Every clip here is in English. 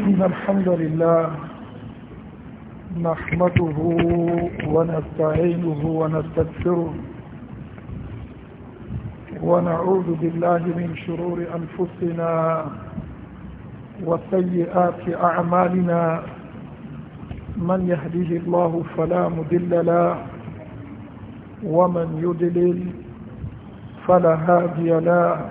إن الحمد لله نحمده ونستعينه ونستغفره ونعوذ بالله من شرور أنفسنا وسيئات أعمالنا من يهديه الله فلا مدل له ومن يدلل فلا هادي له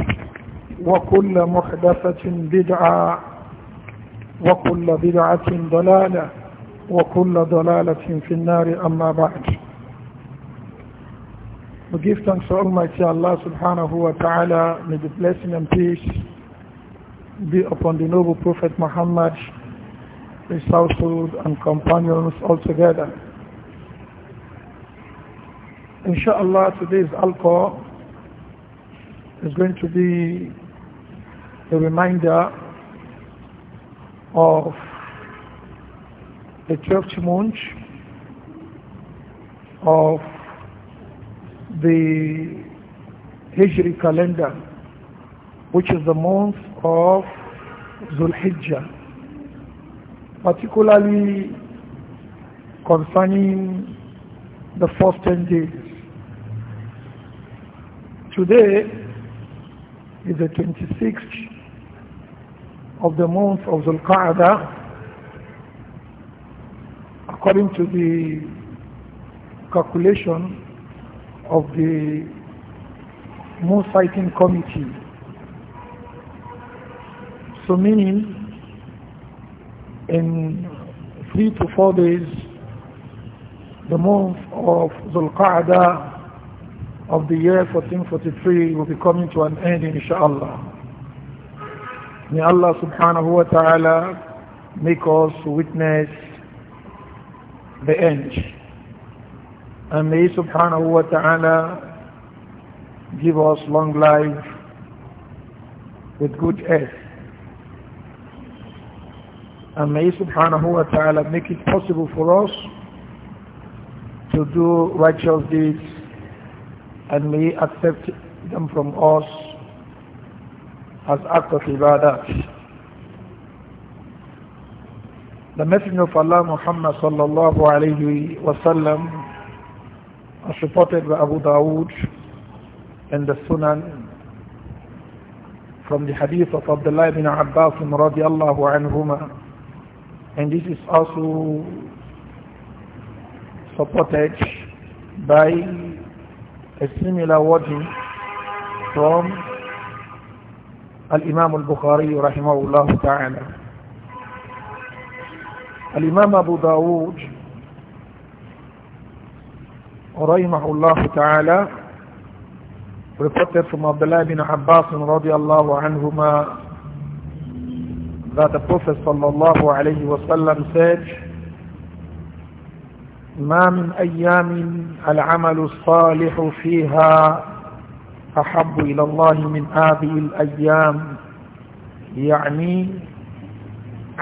وكل محدثة بدعة وكل بدعة ضلالة وكل ضلالة في النار أما بعد We give thanks to Almighty Allah subhanahu wa ta'ala. May the blessing and peace be upon the noble Prophet Muhammad, his household and companions altogether. Inshallah, today's alcohol is going to be a reminder of the 12th month of the Hijri calendar, which is the month of Zulhijjah, particularly concerning the first 10 days. Today is the 26th of the month of Zulqa'dah according to the calculation of the moon sighting committee. So meaning in three to four days the month of Zulqa'dah of the year 1443 will be coming to an end inshallah. May Allah subhanahu wa ta'ala make us witness the end. And may subhanahu wa ta'ala give us long life with good health. And may subhanahu wa ta'ala make it possible for us to do righteous deeds and may accept them from us as act of ibadat. The Messenger of Allah Muhammad sallallahu alayhi wasallam as reported by Abu Dawood in the Sunan from the hadith of Abdullah ibn Abbas radiallahu anhumah, and this is also supported by a similar wording from الإمام البخاري رحمه الله تعالى الإمام أبو داوج رحمه الله تعالى رفتر ثم عبدالله بن عباس رضي الله عنهما ذات بروفس صلى الله عليه وسلم ساج ما من أيام العمل الصالح فيها أحب إلى الله من هذه الأيام يعني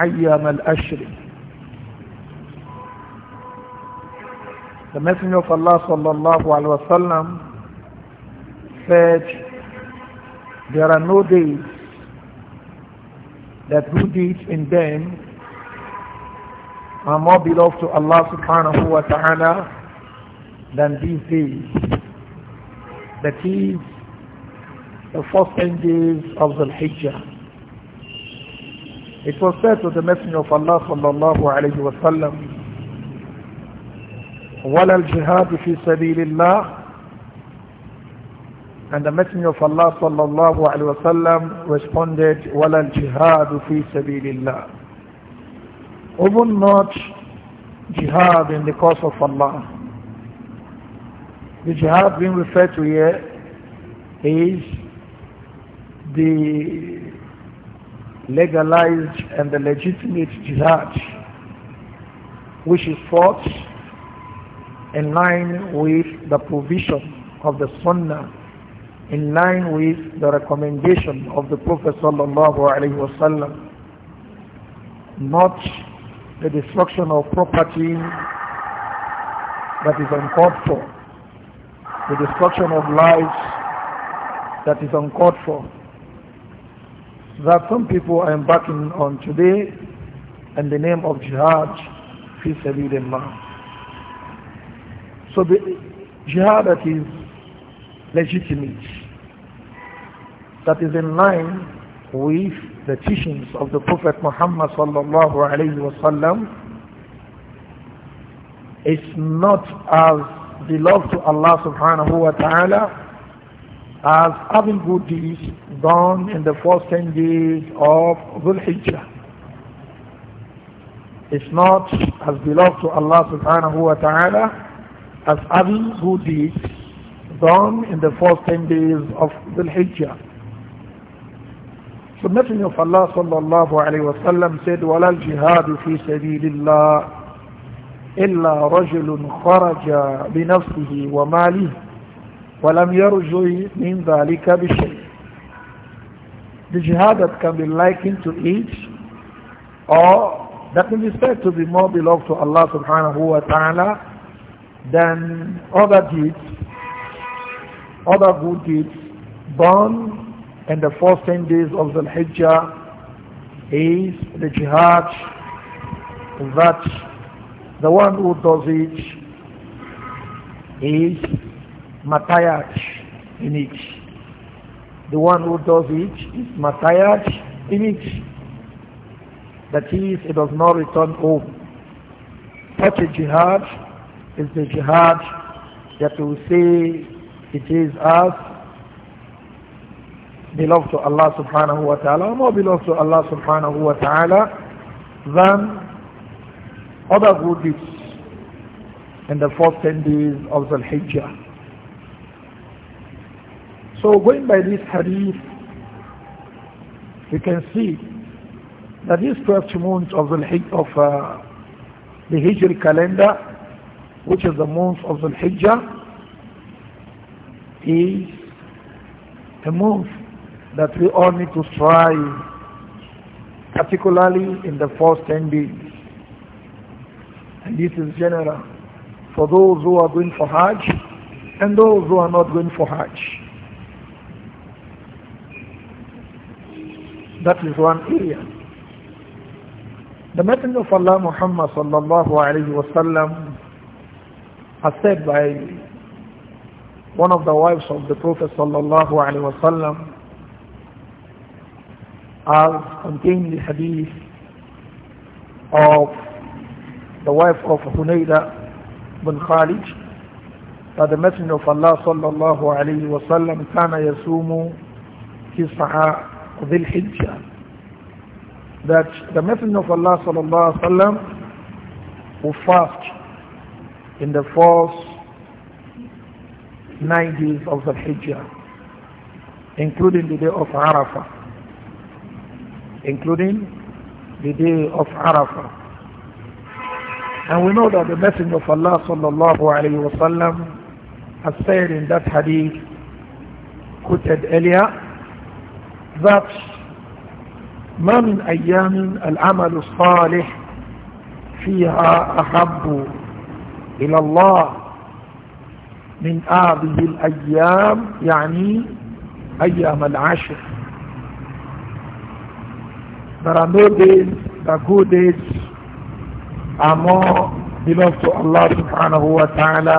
أيام الأشر The Messenger of Allah صلى الله عليه وسلم said, there are no days that good deeds in them are more beloved to Allah subhanahu wa ta'ala than these days. That is the first 10 days of the Hijjah. It was said to the Messenger of Allah sallallahu alayhi wa sallam, وَلَا الْجِهَادُ فِي سَبِيلِ اللَّهِ And the Messenger of Allah sallallahu alayhi wa sallam responded, وَلَا الْجِهَادُ فِي سَبِيلِ اللَّهِ Even not jihad in the cause of Allah. The jihad being referred to here is the legalized and the legitimate jihad which is fought in line with the provision of the sunnah in line with the recommendation of the prophet sallallahu alaihi wasallam not the destruction of property that is uncalled for the destruction of lives that is uncalled for that some people are embarking on today in the name of jihad fi sabilillah. So the jihad that is legitimate, that is in line with the teachings of the Prophet Muhammad sallallahu alayhi wasallam, is not as beloved to Allah subhanahu wa ta'ala as having good deeds done in the first 10 days of Dhul Hijjah. It's not as beloved to Allah subhanahu wa ta'ala as having good deeds done in the first 10 days of Dhul Hijjah. So Messenger of Allah sallallahu alayhi wa sallam said, وَلَا الْجِهَادُ فِي سَبِيلِ اللَّهِ إِلَّا رَجُلٌ خَرَجَ بِنَفْسِهِ وَمَالِهِ وَلَمْ يَرْجُوا مِنْ ذَلِكَ بِشَيْءٍ The jihad that can be likened to each or that can be said to be more beloved to Allah subhanahu wa ta'ala than other deeds, other good deeds born in the first 10 days of the Hijjah is the jihad that the one who does it is matayat in it. The one who does it is matayat in it. That is, it does not return home. Such a jihad is the jihad that will say it is us beloved to Allah subhanahu wa ta'ala more beloved to Allah subhanahu wa ta'ala than other good deeds in the first 10 days of Dhul-Hijjah. So going by this hadith, we can see that this 12th month of the, of, uh, the Hijri calendar, which is the month of the Hijjah, is a month that we all need to strive, particularly in the first 10 days. And this is general for those who are going for Hajj and those who are not going for Hajj. That is one area. The Messenger of Allah Muhammad sallallahu alayhi wa sallam has said by one of the wives of the Prophet sallallahu alayhi wa sallam as contained the hadith of the wife of Hunayda bin Khalid that the Messenger of Allah sallallahu alayhi wa sallam كان يسوم كسعى Dhul Hijjah that the Messenger of Allah sallallahu alaihi wasallam will fast in the first nine days of the Hijjah, including the day of Arafah, including the day of Arafah. And we know that the Messenger of Allah sallallahu alaihi wasallam has said in that hadith quoted earlier ذاتش ما من أيام العمل الصالح فيها أحب إلى الله من هذه الأيام يعني أيام العشر There are no days, the good days are more beloved to Allah subhanahu wa ta'ala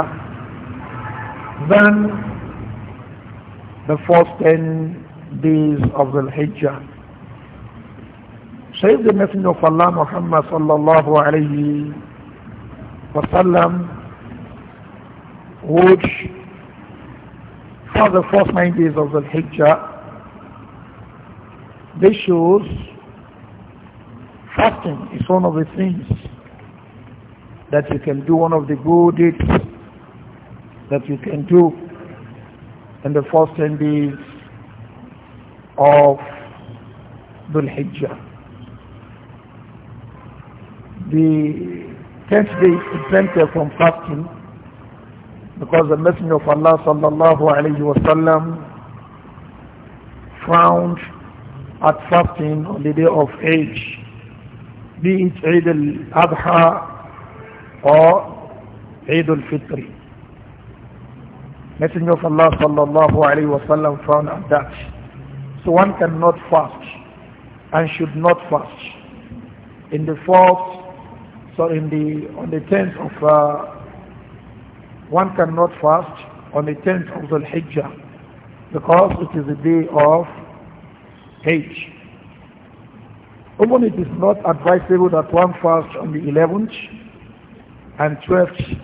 than the first 10 days of the Hijjah. So the Messenger of Allah Muhammad sallallahu alayhi wasallam, sallam for the first nine days of the Hijjah, this shows fasting is one of the things that you can do, one of the good deeds that you can do in the first 10 days of Dhul Hijjah. The tenth day is exempted from fasting because the Messenger of Allah sallallahu alayhi wa sallam frowned at fasting on the day of Eid, be it Eid al-Adha or Eid al-Fitri. Messenger of Allah sallallahu alayhi wa sallam frowned at that. So one cannot fast and should not fast. In the fourth, so in the on the tenth of uh, one cannot fast on the tenth of the Hijjah because it is the day of Hajj. Even it is not advisable that one fast on the 11th and 12th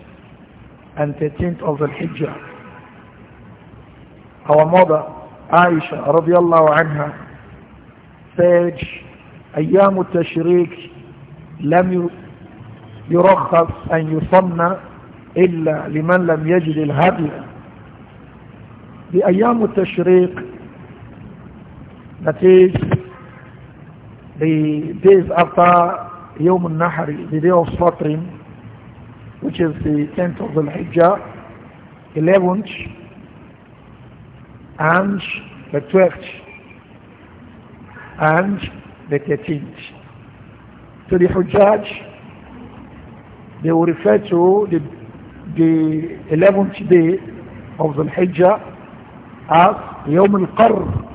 and 13th of the Hijjah. Our mother, عائشة رضي الله عنها فيج أيام التشريك لم يرخص أن يصنى إلا لمن لم يجد الهدي بأيام التشريق نتيج بديز أرطاء يوم النحر بديو سفطر which is the 10th of the Hijjah 11th and the 12th and the 13th. So the Hujjaj, they will refer to the, the 11th day of the Hijjah as Yom al-Qarr.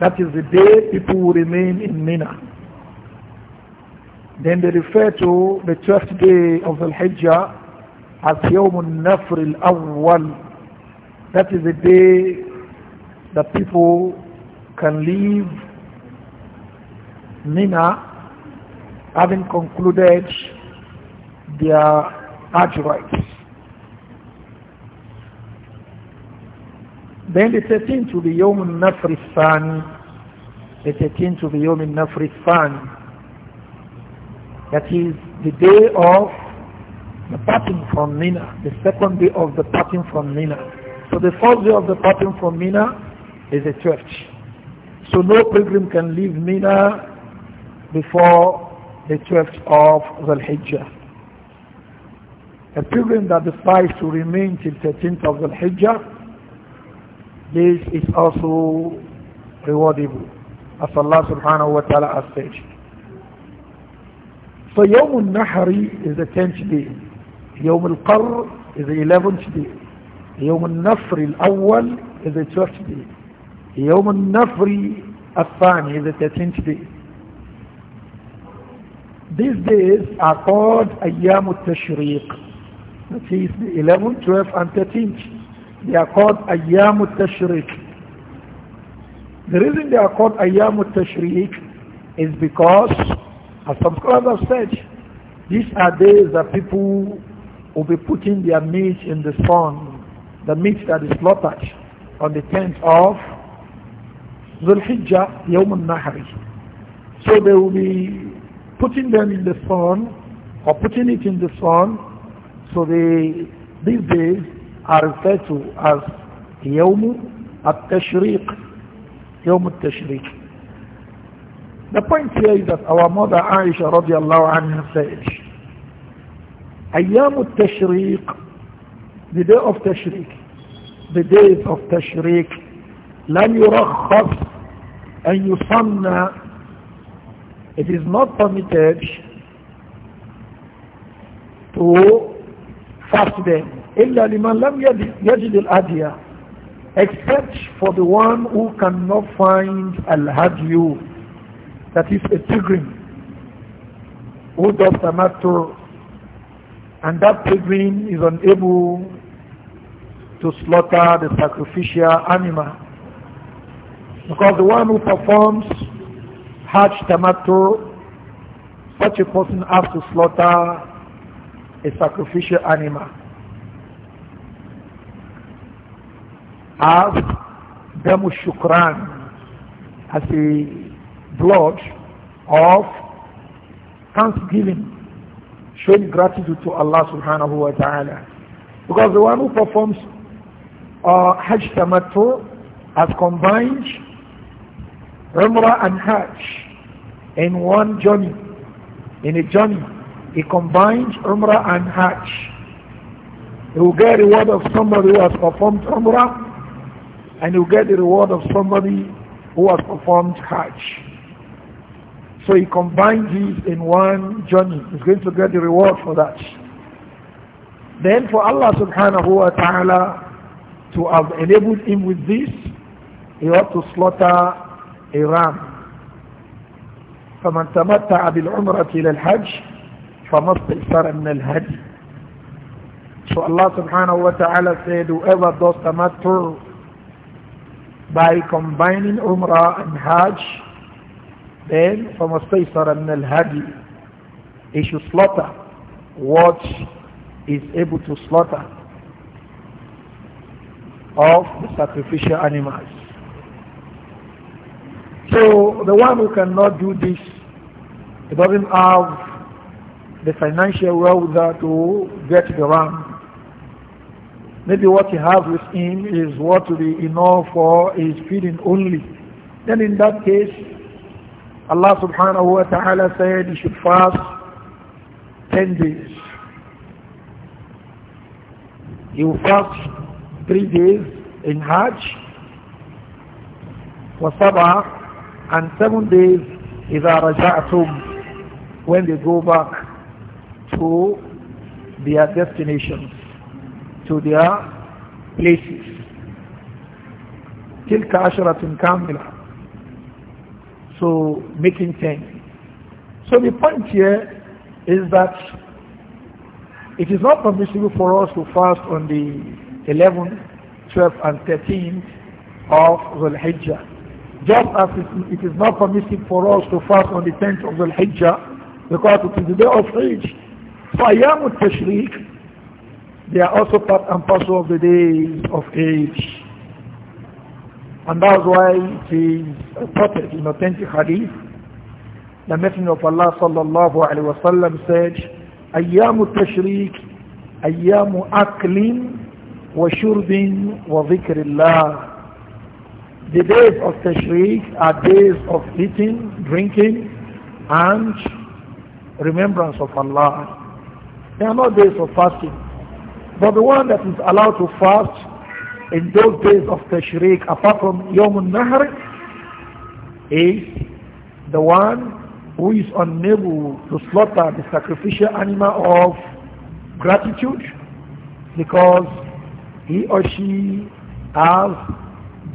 That is the day people will remain in Mina. Then they refer to the 12th day of the Hijjah as Yom al-Nafr al-Awwal. That is the day that people can leave Mina having concluded their Hajj rites. Then the 13th to the Yom Nafri Thani, the 13th to the Yom Nafri Thani, that is the day of the parting from Mina, the second day of the parting from Mina. So the fourth day of the pattern from Mina is the 12th. So no pilgrim can leave Mina before the 12th of the Hijjah. A pilgrim that decides to remain till 13th of Dhul Hijjah, this is also rewardable, as Allah subhanahu wa ta'ala has said. So Yawm al is the 10th day. Yawm al-Qarr is the 11th day. يوم النفر الأول is the 12th day يوم النفر الثاني is the 13th These days are called أيام التشريق that is the 11th, 12th and 13th they are called أيام التشريق The reason they are called Ayyam al-Tashriq is because, as some scholars have said, these are days that people will be putting their meat in the sun the meat that is slaughtered on the 10th of Zulhijjah, Yawm al-Nahri. So they will be putting them in the sun or putting it in the sun. So they, these days are referred to as Yawm al-Tashriq, Yawm al-Tashriq. The point here is that our mother Aisha radiallahu anha said, أيام التشريق the day of Tashriq, the days of Tashriq, لم يرخص أن يصنع It is not permitted to fast them. إلا لمن لم يجد الأدية except for the one who cannot find al-hadiyu, is a pilgrim, who does the matter, and that pilgrim is unable to slaughter the sacrificial animal. Because the one who performs Hajj Tamato, such a person has to slaughter a sacrificial animal. As Damu Shukran, as a blood of thanksgiving, showing gratitude to Allah subhanahu wa ta'ala. Because the one who performs or Hajj Tamattu has combined Umrah and Hajj in one journey. In a journey, he combines Umrah and Hajj. He will get the reward of somebody who has performed Umrah and he will get the reward of somebody who has performed Hajj. So he combines these in one journey. He's going to get the reward for that. Then for Allah subhanahu wa ta'ala, to have enabled him with this, he ought to slaughter a ram. فمن تمتع بالعمرة إلى الحج فما استيسر من الهدي. So Allah subhanahu wa ta'ala said, whoever does tamattu by combining umrah and hajj, then فما استيسر من الهدي. He should slaughter what is able to slaughter of the sacrificial animals. So the one who cannot do this, he doesn't have the financial wherewithal to get the ram. Maybe what he has with him is what will be enough for his feeding only. Then in that case, Allah subhanahu wa ta'ala said he should fast 10 days. He will fast three days in Hajj, wasaba, and seven days is Araja'atum, when they go back to their destinations, to their places. till عشرة Kamila, so making ten. So the point here is that it is not permissible for us to fast on the 11, 12, and 13 of Dhul Hijjah. Just as it, it is not permissible for us to fast on the 10th of Dhul Hijjah because it is the day of Hajj. So al-Tashriq, they are also part and parcel of the days of Hajj. And that's why it is reported in authentic hadith. The Messenger of Allah sallallahu alayhi wa sallam said, أيام التشريك أيام أكل وشرب وذكر الله The days of Tashreeq are days of eating, drinking and remembrance of Allah. They are not days of fasting. But the one that is allowed to fast in those days of Tashreeq, apart from Yom al-Nahr is the one who is unable to slaughter the sacrificial animal of gratitude because he or she has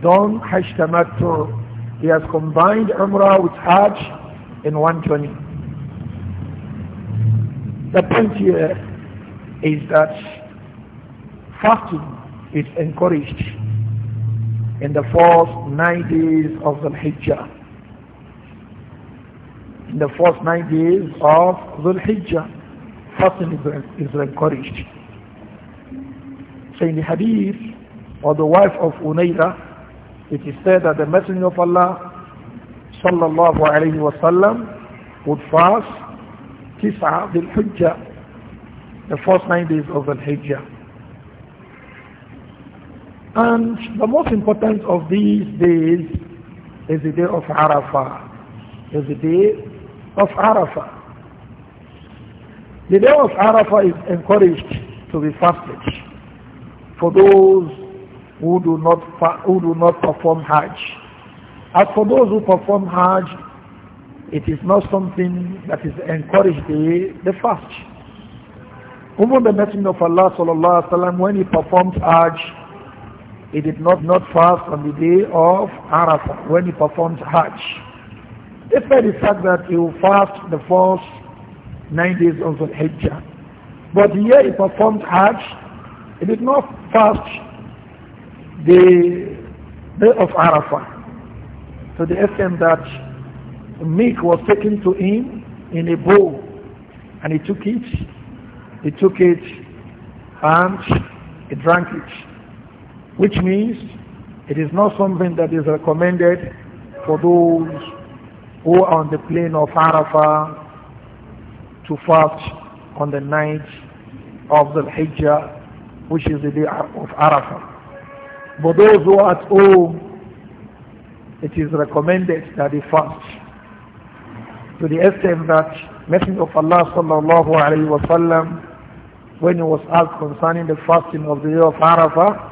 done Hajj Tamattu. He has combined Umrah with Hajj in 120. The point here is that fasting is encouraged in the first nine days of the Hijjah. In the first nine days of the Hijjah, fasting is encouraged in the hadith or the wife of Unayda, it is said that the Messenger of Allah sallallahu alayhi wasallam would fast Tis'a bil hujjah, the first nine days of the Hijjah. And the most important of these days is the day of Arafah, is the day of Arafah. The day of Arafah is encouraged to be fasted for those who do not who do not perform Hajj. As for those who perform Hajj, it is not something that is encouraged. the the fast. Even the Messenger of Allah sallallahu alaihi wasallam, when he performed Hajj, he did not not fast on the day of Arafah when he performed Hajj. Despite the fact that he will fast the first nine days of Hajj, but here he performed Hajj it is did not fast the day of Arafah to the extent that milk was taken to him in a bowl and he took it, he took it and he drank it, which means it is not something that is recommended for those who are on the plane of Arafah to fast on the night of the Hijjah which is the day of Arafah. But those who are at home, it is recommended that they fast. To the extent that Messenger of Allah sallallahu alayhi wa sallam, when he was asked concerning the fasting of the day of Arafah,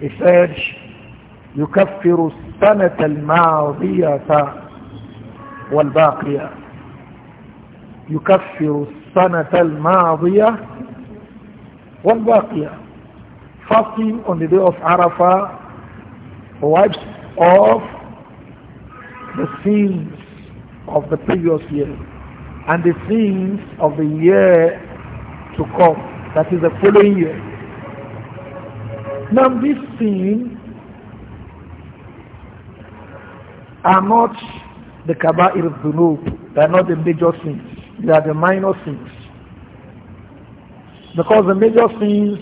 he said, يكفر السنة الماضية والباقية يكفر السنة الماضية والباقية fasting on the day of Arafah wipes off the sins of the previous year and the sins of the year to come that is the following year now this sin are not the kaba'ir dhunub they are not the major sins they are the minor sins because the major sins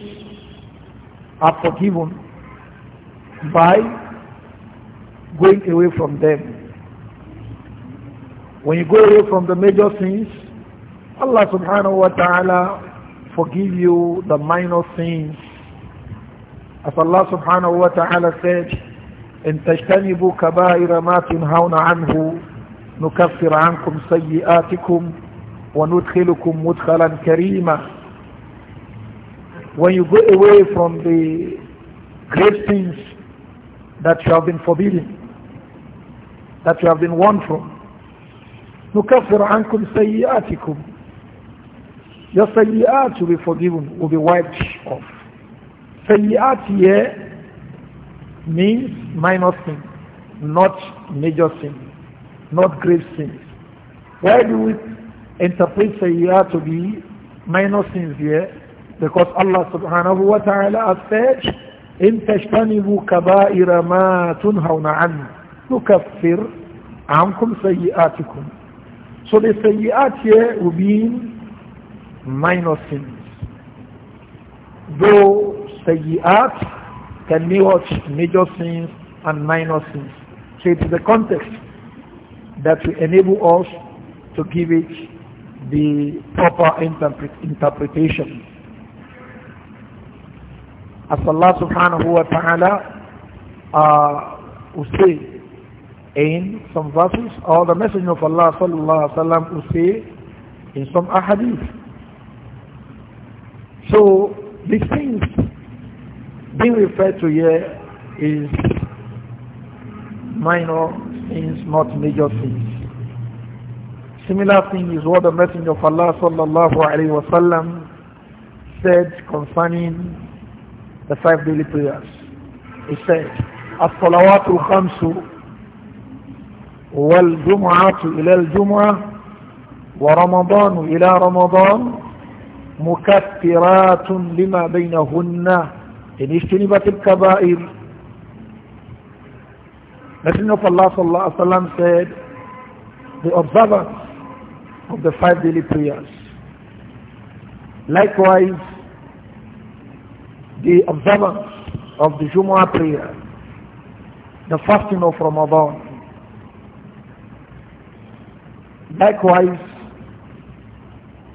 are forgiven by going away from them. When you go away from the major sins, Allah subhanahu wa ta'ala forgive you the minor sins. As Allah subhanahu wa ta'ala said, إن تجتنبوا كبائر ما تنهون عنه نكفر عنكم سيئاتكم وندخلكم مدخلا كريما when you go away from the great things that you have been forbidden, that you have been warned from. نكفر عنكم سيئاتكم Your سيئات will be forgiven, will be wiped off. سيئات here means minor sin, not major sin, not grave sins. Why do we interpret سيئات to be minor sins here? Because Allah subhanahu wa ta'ala has said, إِن تَجْتَنِبُوا كَبَائِرَ مَا تُنْهَوْنَ عَنْهُ نُكَفِّرْ عَنْكُمْ سَيِّئَاتِكُمْ So the sayyat here will be minor sins. Though sayyat can be what major sins and minor sins. So it is the context that will enable us to give it the proper interpretation. As Allah subhanahu wa ta'ala uh, will say in some verses, or the Messenger of Allah sallallahu alaihi wasallam will say in some ahadith. So these things being referred to here is minor things, not major things. Similar thing is what the Messenger of Allah sallallahu wa wasallam said concerning the five daily prayers. He said, الصلوات الخمس والجمعة إلى الجمعة ورمضان إلى رمضان مكفرات لما بينهن إن اجتنبت الكبائر Messenger of Allah sallallahu alaihi wasallam said, the observance of the five daily prayers. Likewise, the observance of the Jumu'ah prayer, the fasting of Ramadan. Likewise,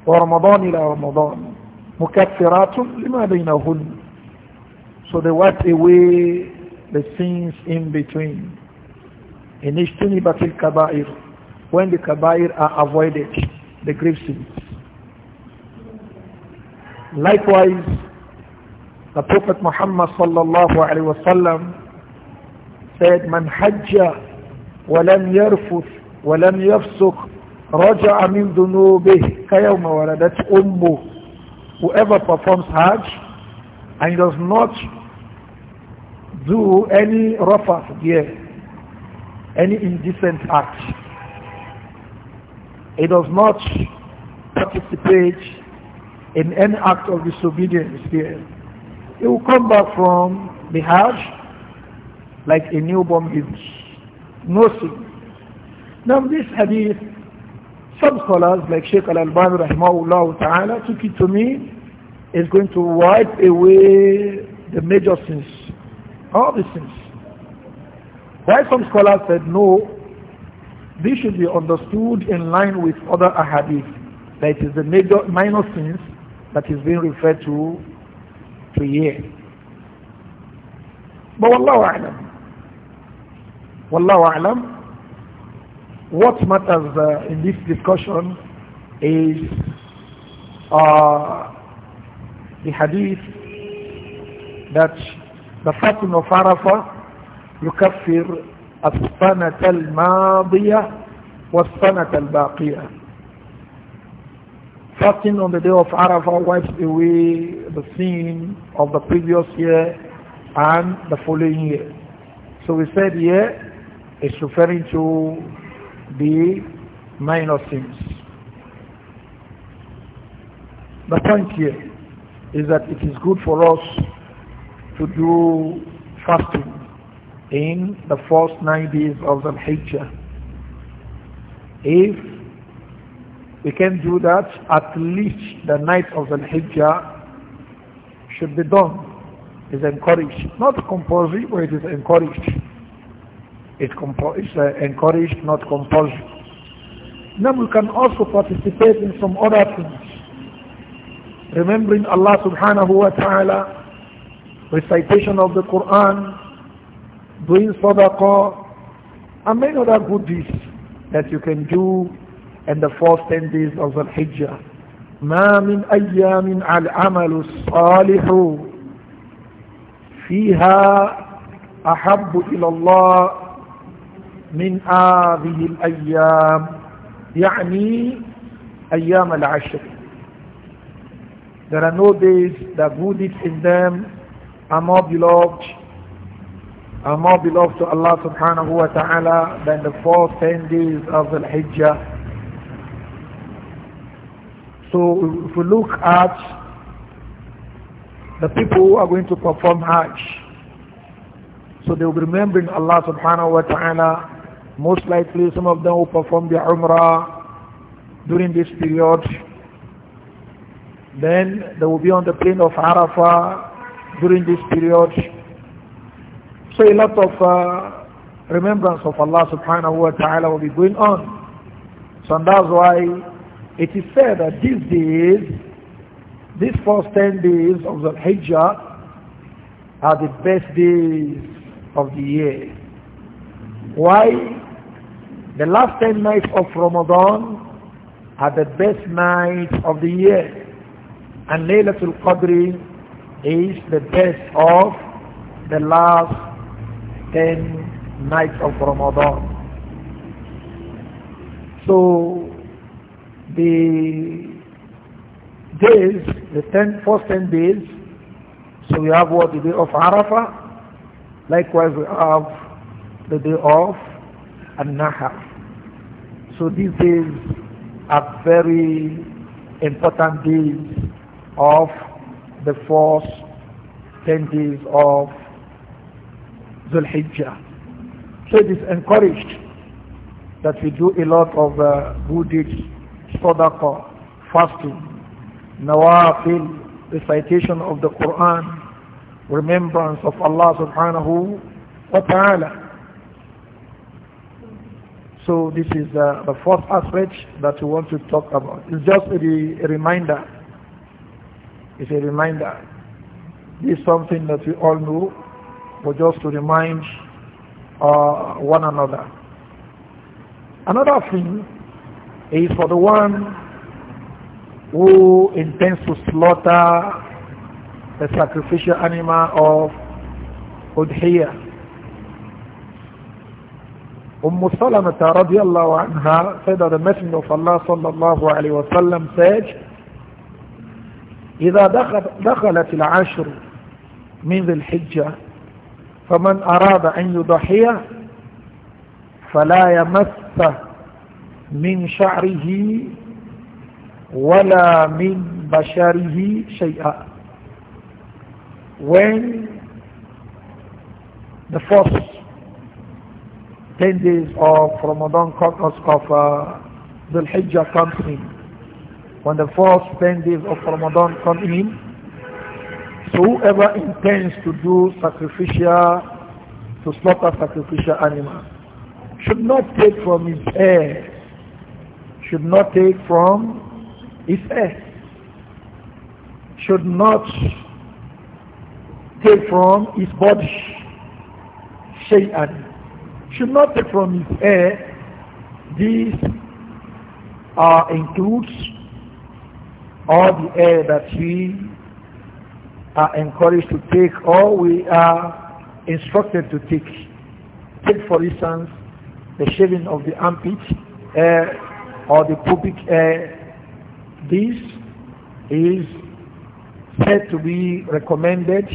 ورمضان إلى رمضان مكفرات لما بينهن So they wipe away the sins in between. In اجتنبت الكبائر When the kabair are avoided, the grave sins. Likewise, The Prophet Muhammad sallallahu alaihi wasallam said, "Man hajja ولم yarfuth ولم يفسخ raja'a min dhunubihi kayawma waladat ummu." Whoever performs Hajj and does not do any rafath here any indecent act, he does not participate in any act of disobedience here he will come back from the Hajj like a newborn baby. No sin. Now this hadith, some scholars like Sheikh Al-Albani rahimahullah ta'ala took it to me is going to wipe away the major sins, all the sins. Why some scholars said no, this should be understood in line with other ahadith, that it is the major minor sins that is being referred to but Wallahu A'lam. Wallahu A'lam. What matters uh, in this discussion is uh, the hadith that the fasting of Arafah يكفر السنة الماضية والسنة الباقية Fasting on the day of Arafah wipes away the sin of the previous year and the following year. So we said it's referring to the minor sins. The point here is that it is good for us to do fasting in the first nine days of the Hijjah if we can do that at least the night of the Hijjah should be done. Is encouraged. Not compulsory, but it is encouraged. It is uh, encouraged, not compulsory. Then we can also participate in some other things. Remembering Allah subhanahu wa ta'ala, recitation of the Quran, doing sadaqah, and many other good deeds that you can do and the first 10 days of the Hijjah. ما من أيام العمل الصالح فيها أحب إلى الله من هذه الأيام يعني أيام العشر There are no days that good deeds in them are more beloved are more beloved to Allah subhanahu wa ta'ala than the first 10 days of the Hijjah so if we look at the people who are going to perform Hajj, so they will be remembering Allah subhanahu wa ta'ala. Most likely some of them will perform their Umrah during this period. Then they will be on the plane of Arafah during this period. So a lot of uh, remembrance of Allah subhanahu wa ta'ala will be going on. So that's why it is said that these days, these first 10 days of the Hajj are the best days of the year. Why? The last 10 nights of Ramadan are the best nights of the year. And Laylatul Qadr is the best of the last 10 nights of Ramadan. So the days, the ten, first 10 days, so we have what, the day of Arafah, likewise we have the day of An-Nahar. So these days are very important days of the first 10 days of Zulhijjah. Hijjah. So it is encouraged that we do a lot of uh, good deeds sadaqah, fasting, nawafil, recitation of the Quran, remembrance of Allah subhanahu wa ta'ala. So this is uh, the fourth aspect that we want to talk about. It's just a, a reminder. It's a reminder. This is something that we all know, but just to remind uh, one another. Another thing is for the one who intends to slaughter the sacrificial animal of Udhiyah. Umm Salamah radiallahu anha said that the Messenger of Allah sallallahu alayhi wa sallam said إذا دخلت العشر من ذي الحجة فمن أراد أن يضحيه فلا يمسه من شعره ولا من بشره شيئا when the first 10 days of Ramadan comes of uh, Hijjah comes in when the first 10 days of Ramadan come in so whoever intends to do sacrificial to slaughter sacrificial animal should not take from his heirs should not take from his head. should not take from his body, shay'an, should not take from his heir. These uh, includes all the air that we are encouraged to take or we are instructed to take. Take for instance the shaving of the armpit, uh, or the pubic hair, this is said to be recommended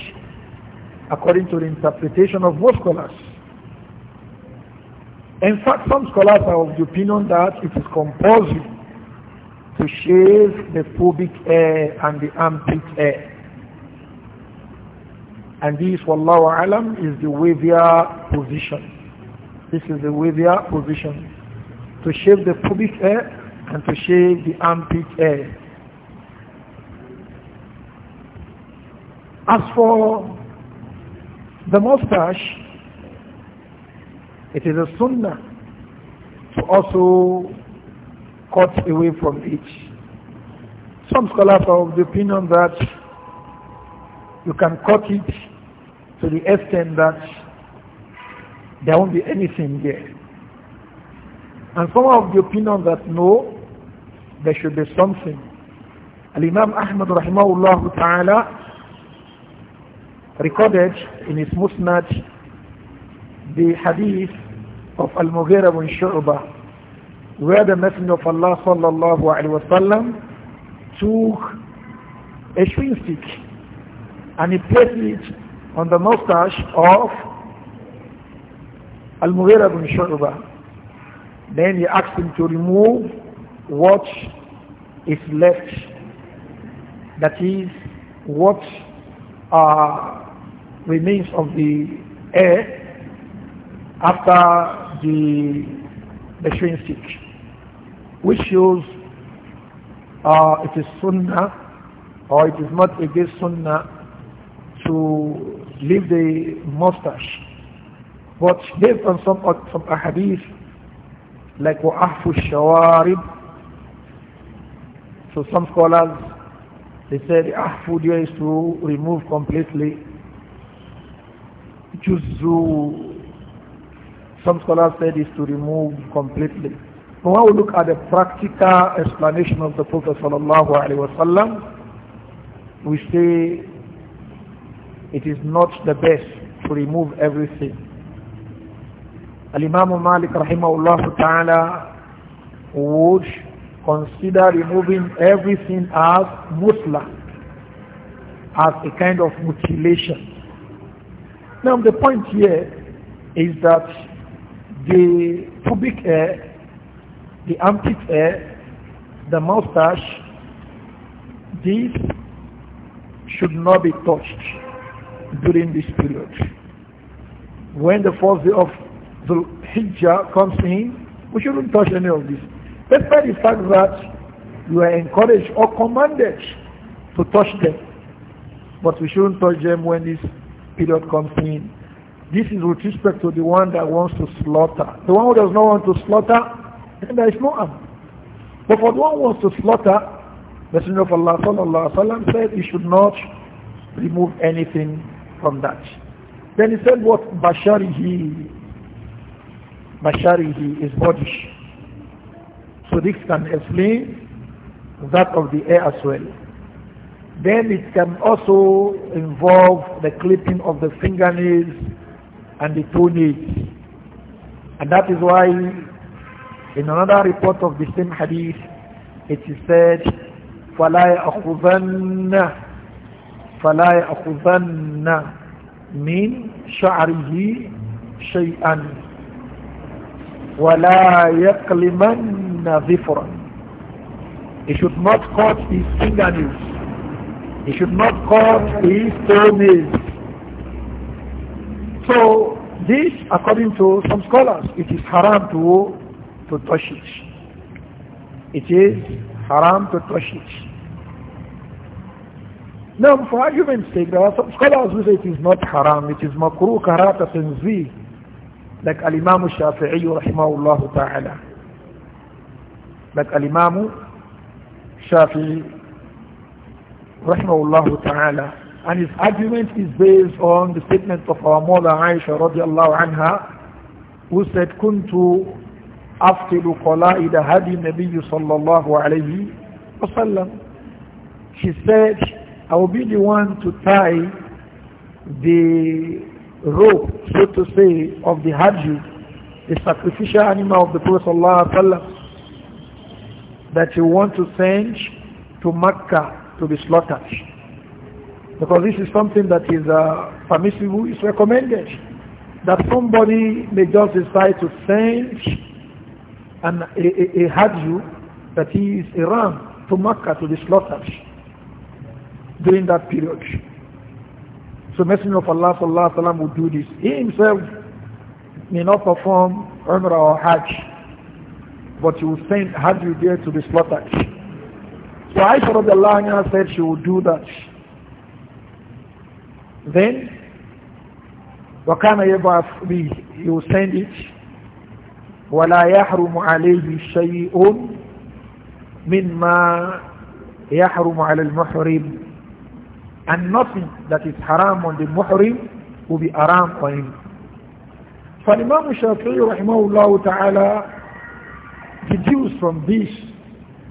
according to the interpretation of most scholars. In fact, some scholars are of the opinion that it is compulsory to shave the pubic hair and the armpit hair. And this, wallahu alam, is the wavier position. This is the wavier position to shave the pubic hair and to shave the armpit hair. As for the mustache, it is a sunnah to also cut away from it. Some scholars are of the opinion that you can cut it to the extent that there won't be anything there. And some of the opinion that no, there should be something. Al-Imam Ahmad rahimahullah ta'ala recorded in his Musnad the hadith of Al-Mughira bin Shu'bah where the Messenger of Allah sallallahu alaihi wasallam took a swing stick and he placed it on the mustache of Al-Mughira bin Shu'bah then he asked him to remove what is left. That is what uh, remains of the air after the the showing stick, which shows uh, it is sunnah or it is not against sunnah to leave the mustache. But based on some, some hadith like wa'afu shawarib. So some scholars, they said ahfu here is to remove completely. Juzu, some scholars said is to remove completely. But when we look at the practical explanation of the Prophet sallallahu alaihi wasallam, we say it is not the best to remove everything. Al-Imam Malik rahimahullah ta'ala would consider removing everything as musla, as a kind of mutilation. Now the point here is that the pubic hair, the armpit hair, the moustache, these should not be touched during this period. When the fourth day of the hijjah comes in, we shouldn't touch any of this. Despite the fact that you are encouraged or commanded to touch them, but we shouldn't touch them when this period comes in. This is with respect to the one that wants to slaughter. The one who does not want to slaughter, then there is no harm. But for the one who wants to slaughter, the Messenger of Allah sallallahu said he should not remove anything from that. Then he said, what he?" masharihi, is bodish. So this can explain that of the air as well. Then it can also involve the clipping of the fingernails and the toenails. And that is why in another report of the same hadith, it is said, فَلَا يَأْخُذَنَّ فَلَا يَأْخُذَنَّ مِنْ شَعْرِهِ شَيْئًا وَلَا يَقْلِمَنَّ ظِفْرًا He should not cut his fingernails. He should not cut his toenails. So this, according to some scholars, it is haram to, to touch it. It is haram to touch it. Now, for argument's sake, there are some scholars who say it is not haram, it is makruh karata tanzih like Al-Imam Shafi'i rahimahullah ta'ala like Al-Imam Shafi'i rahimahullah ta'ala and his argument is based on the statement of our mother Aisha radiallahu anha who said kuntu aftilu ida hadi nabiyyu sallallahu alayhi wasallam she said I will be the one to tie the rope, so to say, of the Hajj, the sacrificial animal of the Prophet that you want to send to Mecca to be slaughtered. Because this is something that is uh, permissible, is recommended. That somebody may just decide to send an, a, a, a he that is a ram, to Mecca to be slaughtered during that period. So Messenger of Allah sallallahu alaihi wasallam would do this. He himself may not perform Umrah or Hajj, but he would send Hajj there to be slaughtered. So Aisha radiallahu anha said she would do that. Then, وَكَانَ يَبْعَثْ بِهِ He would send it. وَلَا يَحْرُمُ عَلَيْهِ شَيْءٌ مِمَّا يَحْرُمُ عَلَى الْمُحْرِمِ and nothing that is haram on the muhrim will be haram on him. فالإمام الشافعي رحمه الله Taala, deduced from this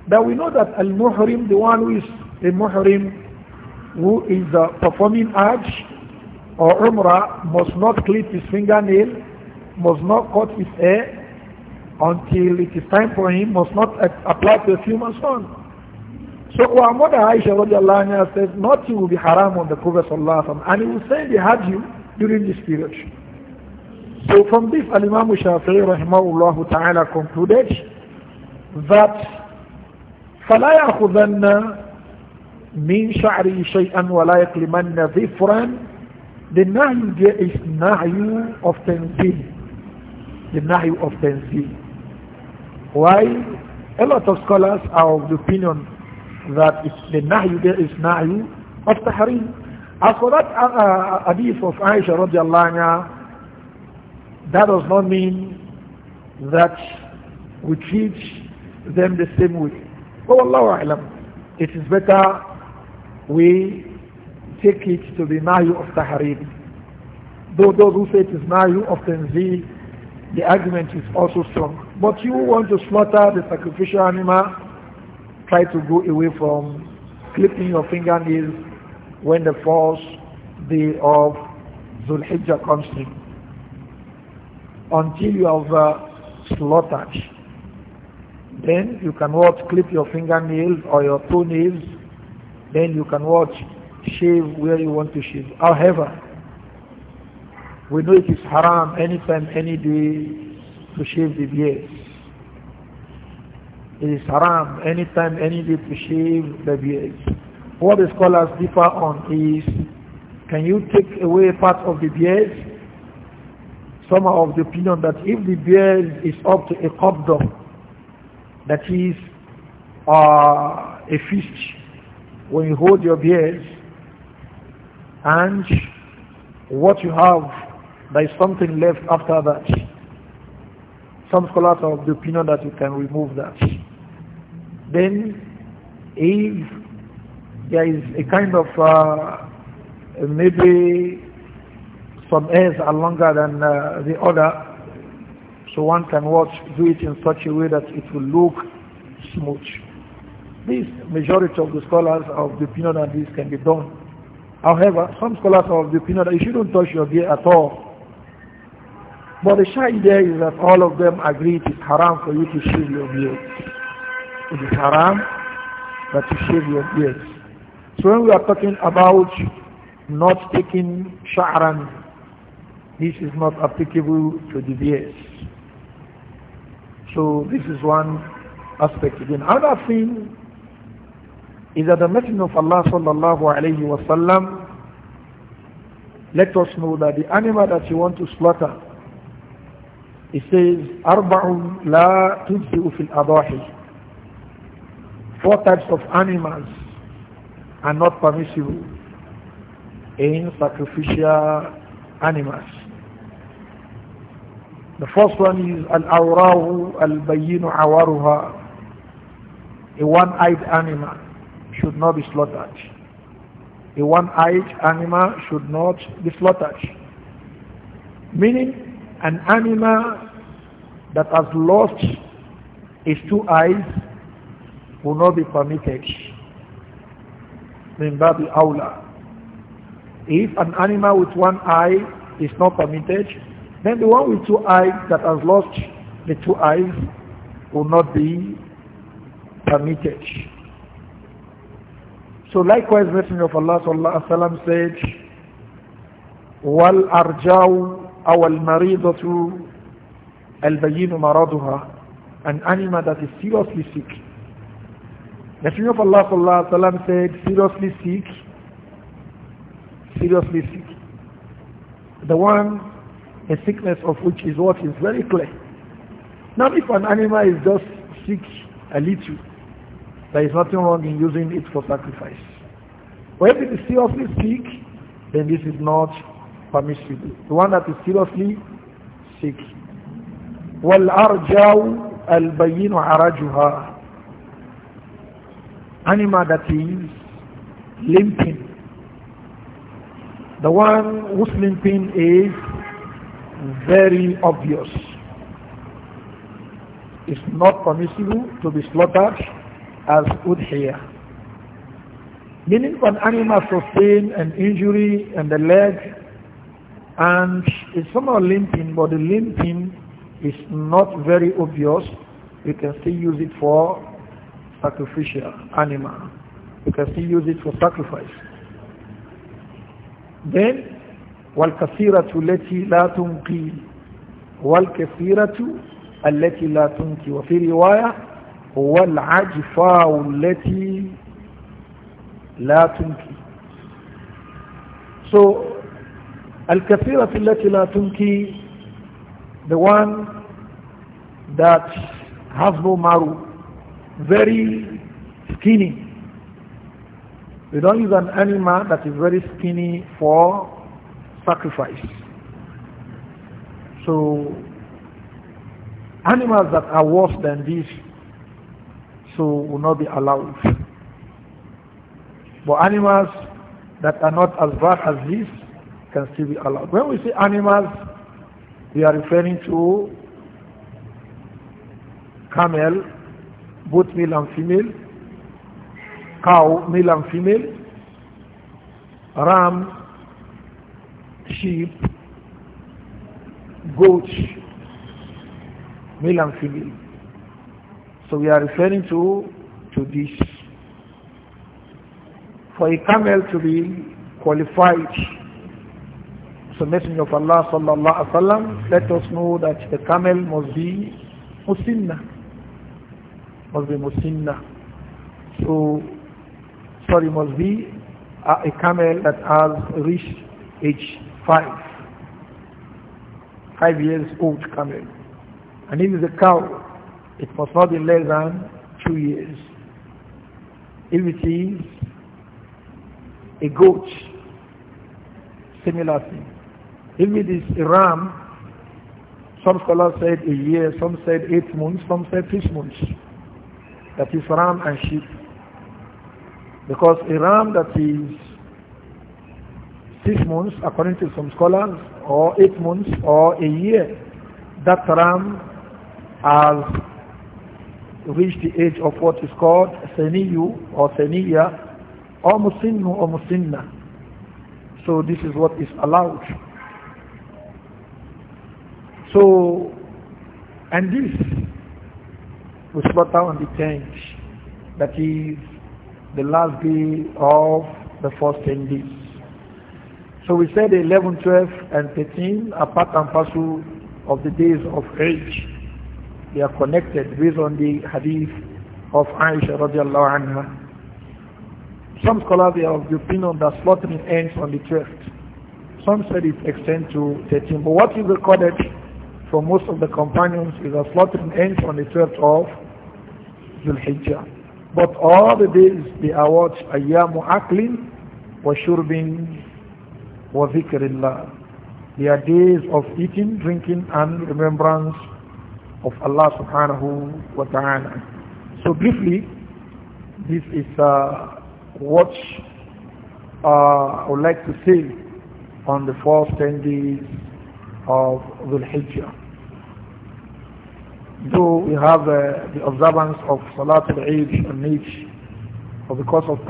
that we know that al-muhrim, the one who is a muhrim, who is uh, performing hajj or umrah, must not clip his fingernail, must not cut his hair until it is time for him, must not apply perfume and so on. So our mother Aisha anha, says nothing will be haram on the Prophet sallallahu and he will say they had you during this period. So from this Al-Imam Shafi'i rahimahullah ta'ala concluded that فلا يأخذن من شعري شيئا ولا يقلمن ذفرا the nahy there is nahy of tenzil the nahy of tenzil why a lot of scholars are of the opinion that the nahyu there is nahyu of tahrim. As for that uh, uh, hadith of Aisha radiallahu anha, that does not mean that we treat them the same way. But Allah, alam, it is better we take it to the nahyu of tahrim. Though those who say it is nahyu of tanzih, the argument is also strong. But you want to slaughter the sacrificial animal try to go away from clipping your fingernails when the first day of Zulhijjah comes in until you have uh, slaughtered. Then you can watch clip your fingernails or your toenails. Then you can watch shave where you want to shave. However, we know it is haram anytime, any day to shave the beard. It is haram anytime any day to shave the beard. What the scholars differ on is, can you take away part of the beard? Some are of the opinion that if the beard is up to a qabdah, that is uh, a fist, when you hold your beard, and what you have, there is something left after that. Some scholars are of the opinion that you can remove that then if there is a kind of uh, maybe some hairs are longer than uh, the other, so one can watch, do it in such a way that it will look smooth. This majority of the scholars of the opinion that this can be done. However, some scholars are of the opinion that you shouldn't touch your beard at all. But the shy idea is that all of them agree it is haram for you to shave your beard it is haram that you shave your beard. So when we are talking about not taking sha'ran, this is not applicable to the beard. So this is one aspect. Again, another thing is that the Messenger of Allah sallallahu alayhi wa sallam let us know that the animal that you want to slaughter, it says, أَرْبَعٌ لَا تُجْزِئُ فِي الْأَضَاحِي four types of animals are not permissible in sacrificial animals. The first one is al-awrahu al-bayyinu awaruha. A one-eyed animal should not be slaughtered. A one-eyed animal should not be slaughtered. Meaning, an animal that has lost its two eyes will not be permitted. Min babi awla. If an animal with one eye is not permitted, then the one with two eyes that has lost the two eyes will not be permitted. So likewise, Messenger of Allah sallallahu alaihi wasallam said, "Wal arjau aw al maridatu al maraduha," an animal that is seriously sick Messenger of Allah sallallahu said, seriously sick, seriously sick. The one, a sickness of which is what is very clear. Now if an animal is just sick a little, there is nothing wrong in using it for sacrifice. But if it is seriously sick, then this is not permissible. The one that is seriously sick. وَالْأَرْجَوْ الْبَيِّنُ عَرَجُهَا animal that is limping. The one who's limping is very obvious. It's not permissible to be slaughtered as udhiyah. Meaning when animal sustains an injury in the leg and it's somehow limping, but the limping is not very obvious, you can still use it for sacrificial animal. You can still use it for sacrifice. Then, وَالْكَثِيرَةُ الَّتِي لَا تُنْقِي وَالْكَثِيرَةُ الَّتِي لَا تُنْقِي وفي رواية وَالْعَجْفَاءُ الَّتِي لَا تُنْقِي So, Al-Kathira Filatila Tunki, the one that has no marrow very skinny. We don't use an animal that is very skinny for sacrifice. So animals that are worse than this so will not be allowed. But animals that are not as bad as this can still be allowed. When we say animals, we are referring to camel, both male and female, cow, male and female, ram, sheep, goat, male and female. So we are referring to, to this. For a camel to be qualified so Messenger of Allah sallallahu alaihi wasallam let us know that the camel must be Muslim must be musinna. So, sorry, must be a, a camel that has reached age five. Five years old camel. And if it's a cow, it must not be less than two years. If it is a goat, similar thing. If it is a ram, some scholars said a year, some said eight months, some said six months that is ram and sheep. Because a ram that is six months, according to some scholars, or eight months, or a year, that ram has reached the age of what is called seniyu or seniya, or musinnu or musinna. So this is what is allowed. So, and this we start on the tenth, that is the last day of the first ten days. So we said 11, 12, and 13 are part and parcel of the days of age. They are connected based on the hadith of Aisha radiallahu anha. Some scholars are of the opinion that slaughtering ends on the 12th. Some said it extends to 13. But what is recorded from most of the companions is that slaughtering ends on the 12th of Zulhijjah. But all the days they are watch Ayyamu aklin wa shurbin wa zikrillah. They are days of eating, drinking and remembrance of Allah subhanahu wa ta'ala. So briefly, this is a uh, what uh, I would like to say on the first 10 days of Dhul Hijjah. Though we have uh, the observance of Salatul Eid and Eid, the because of